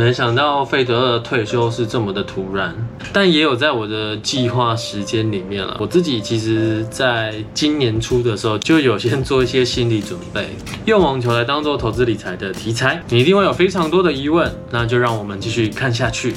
沒想到費德勒的退休是這麼的突然，但也有在我的計劃時間裡面了。我自己其實，在今年初的時候就有先做一些心理準備，用網球來當做投資理財的題材，你一定會有非常多的疑問，那就讓我們繼續看下去。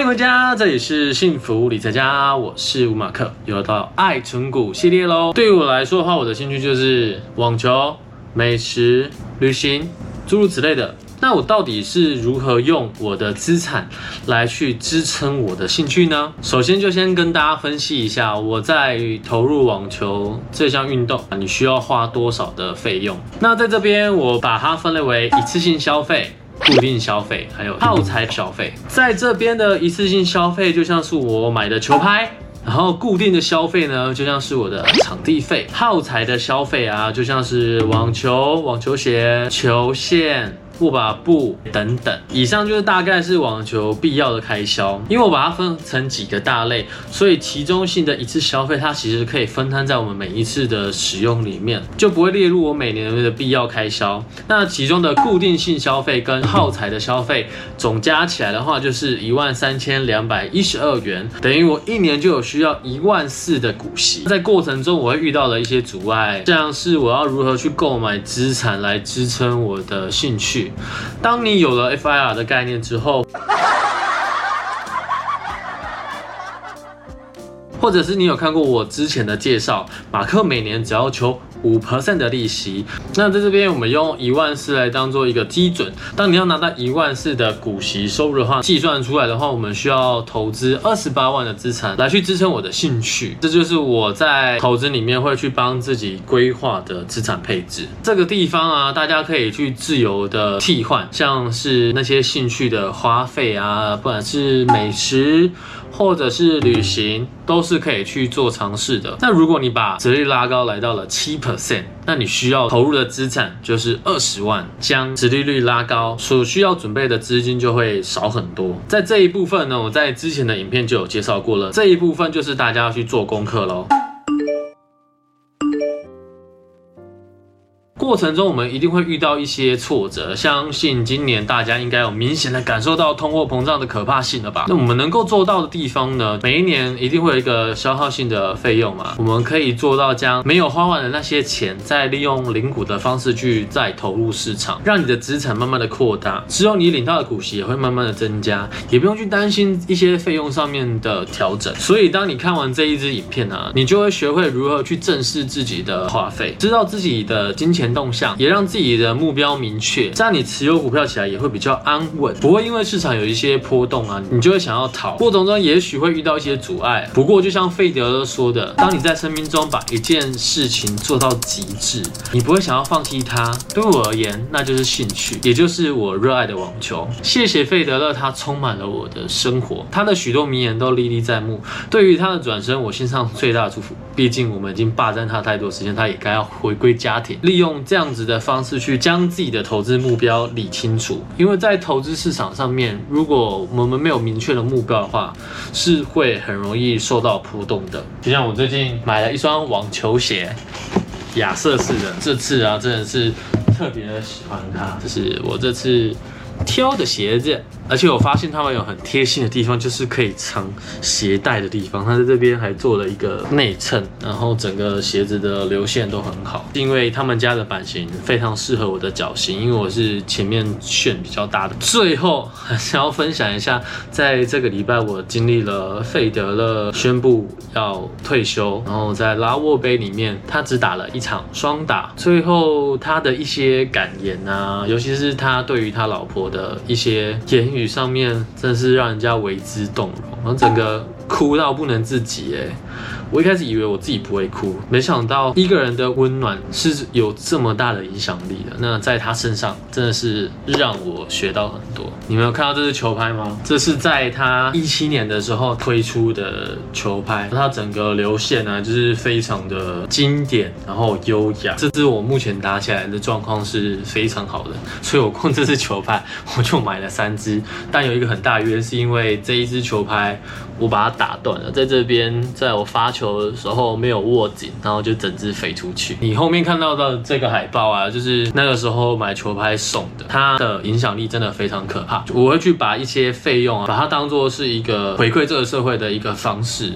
歡迎回家，這裡是幸福理財家，我是吳馬克，又到愛存股系列嘍。對於我來說的話，我的興趣就是網球、美食、旅行，諸如此類的。那我到底是如何用我的資產來去支撐我的興趣呢？首先就先跟大家分析一下，我在投入網球這項運動，你需要花多少的費用？那在這邊我把它分類為一次性消費。固定消費還有耗材消費，在這邊的一次性消費就像是我買的球拍，然後固定的消費呢就像是我的場地費，耗材的消費啊就像是網球、網球鞋、球線。布吧布等等，以上就是大概是網球必要的開銷，因為我把它分成幾個大類，所以其中性的一次消費，它其實可以分攤在我們每一次的使用裡面，就不會列入我每年的必要開銷。那其中的固定性消費跟耗材的消費，總加起來的話就是一萬三千兩百一十二元，等於我一年就有需要一萬四的股息。在過程中，我會遇到了一些阻礙，像是我要如何去購買資產來支撐我的興趣。當你有了 FIR 的概念之後，或者是你有看過我之前的介紹，馬克每年只要求五 percent 的利息。那在這邊，我們用一萬四來當做一個基準。當你要拿到一萬四的股息收入的話，計算出來的話，我們需要投資二十八萬的資產來去支撐我的興趣。這就是我在投資裡面會去幫自己規劃的資產配置。這個地方啊，大家可以去自由的替換，像是那些興趣的花費啊，不管是美食。或者是旅行都是可以去做嘗試的。那如果你把殖利率拉高來到了七 percent，那你需要投入的資產就是二十萬，將殖利率拉高所需要準備的資金就會少很多。在這一部分呢，我在之前的影片就有介紹過了。這一部分就是大家要去做功課嘍。過程中，我們一定會遇到一些挫折。相信今年大家應該有明顯的感受到通貨膨脹的可怕性了吧？那我們能夠做到的地方呢？每一年一定會有一個消耗性的費用嘛，我們可以做到將沒有花完的那些錢，再利用零股的方式去再投入市場，讓你的資產慢慢的擴大，之後你領到的股息也會慢慢的增加，也不用去擔心一些費用上面的調整。所以，當你看完這一支影片呢、啊，你就會學會如何去正視自己的花費，知道自己的金錢到。動向也讓自己的目標明確，這樣你持有股票起來也會比較安穩，不會因為市場有一些波動啊，你就會想要逃。過程中也許會遇到一些阻礙，不過就像費德勒說的，當你在生命中把一件事情做到極致，你不會想要放棄它。對我而言，那就是興趣，也就是我熱愛的網球。謝謝費德勒，他充滿了我的生活，他的許多名言都歷歷在目。對於他的轉身，我心上最大的祝福。畢竟我們已經霸占他太多時間，他也該要回歸家庭。利用這樣子的方式去將自己的投資目標理清楚，因為在投資市場上面，如果我們沒有明確的目標的話，是會很容易受到波動的。就像我最近買了一雙網球鞋，亞瑟士的，這次啊真的是特別的喜歡它，就是我這次挑的鞋子。而且我發現他們有很貼心的地方，就是可以藏鞋帶的地方。他在這邊還做了一個內襯，然後整個鞋子的流線都很好。因為他們家的版型非常適合我的腳型，因為我是前面楦比較大的。最後還是要分享一下，在這個禮拜我經歷了費德勒宣布要退休，然後在拉沃杯裡面他只打了一場雙打，最後他的一些感言啊，尤其是他對於他老婆的一些言語。上面，真是讓人家為之動容，然後整個哭到不能自己哎。我一開始以為我自己不會哭，沒想到一個人的溫暖是有這麼大的影響力的。那在他身上真的是讓我學到很多。你們有看到這支球拍嗎？這是在他一七年的時候推出的球拍，它整個流線呢、啊、就是非常的經典，然後優雅。這支我目前打起來的狀況是非常好的，所以我控制這支球拍我就買了三支。但有一個很大的原因是因為這一支球拍我把它打斷了，在這邊在我發球。球的時候沒有握緊，然後就整隻飛出去。你後面看到的這個海報啊，就是那個時候買球拍送的。它的影響力真的非常可怕。我會去把一些費用啊，把它當做是一個回饋這個社會的一個方式，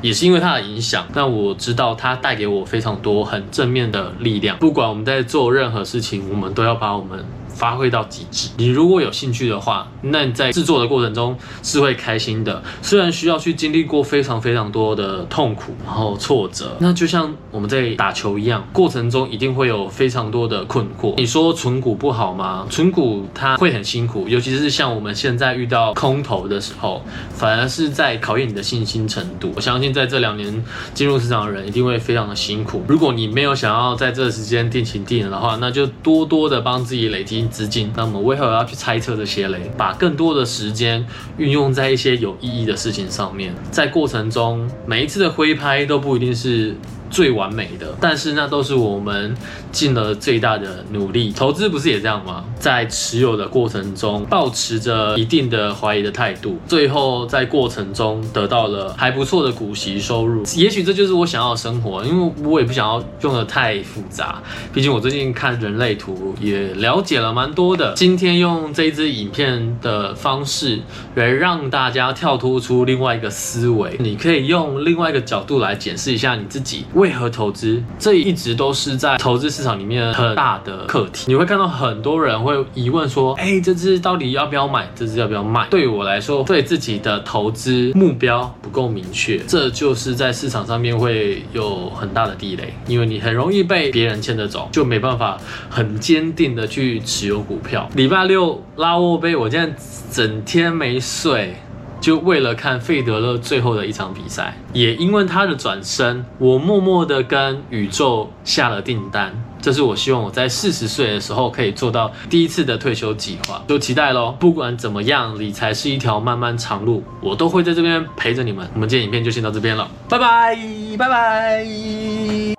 也是因為它的影響。但我知道它帶給我非常多很正面的力量。不管我們在做任何事情，我們都要把我們。發揮到極致。你如果有興趣的話，那你在制作的過程中是會開心的。雖然需要去經歷過非常非常多的痛苦，然後挫折。那就像我們在打球一樣，過程中一定會有非常多的困惑。你說存股不好嗎？存股它會很辛苦，尤其是像我們現在遇到空頭的時候，反而是在考驗你的信心程度。我相信在這兩年進入市場的人一定會非常的辛苦。如果你沒有想要在這個時間定情定人的話，那就多多的幫自己累積。資金，那麼為何要去猜測這些雷，把更多的時間運用在一些有意義的事情上面，在過程中，每一次的揮拍都不一定是最完美的，但是那都是我們盡了最大的努力。投資不是也這樣嗎？在持有的過程中，保持着一定的懷疑的態度，最後在過程中得到了還不錯的股息收入。也許這就是我想要的生活，因為我也不想要用得太複雜。畢竟我最近看人類圖也了解了蠻多的。今天用這一支影片的方式，來讓大家跳脫出另外一個思維，你可以用另外一個角度來檢視一下你自己。為為何投資？這一直都是在投資市場裡面很大的課題。你會看到很多人會疑問說：“哎、欸，這支到底要不要買？這支要不要賣？”對我來說，對自己的投資目標不夠明確，這就是在市場上面會有很大的地雷，因為你很容易被別人牽着走，就沒辦法很堅定的去持有股票。禮拜六拉沃杯，我現在整天沒睡。就為了看費德勒最後的一場比賽，也因為他的轉身，我默默地跟宇宙下了訂單。這是我希望我在四十歲的時候可以做到第一次的退休計劃，就期待嘍。不管怎麼樣，理財是一條漫漫長路，我都會在這邊陪着你們。我們今天影片就先到這邊了，拜拜，拜拜。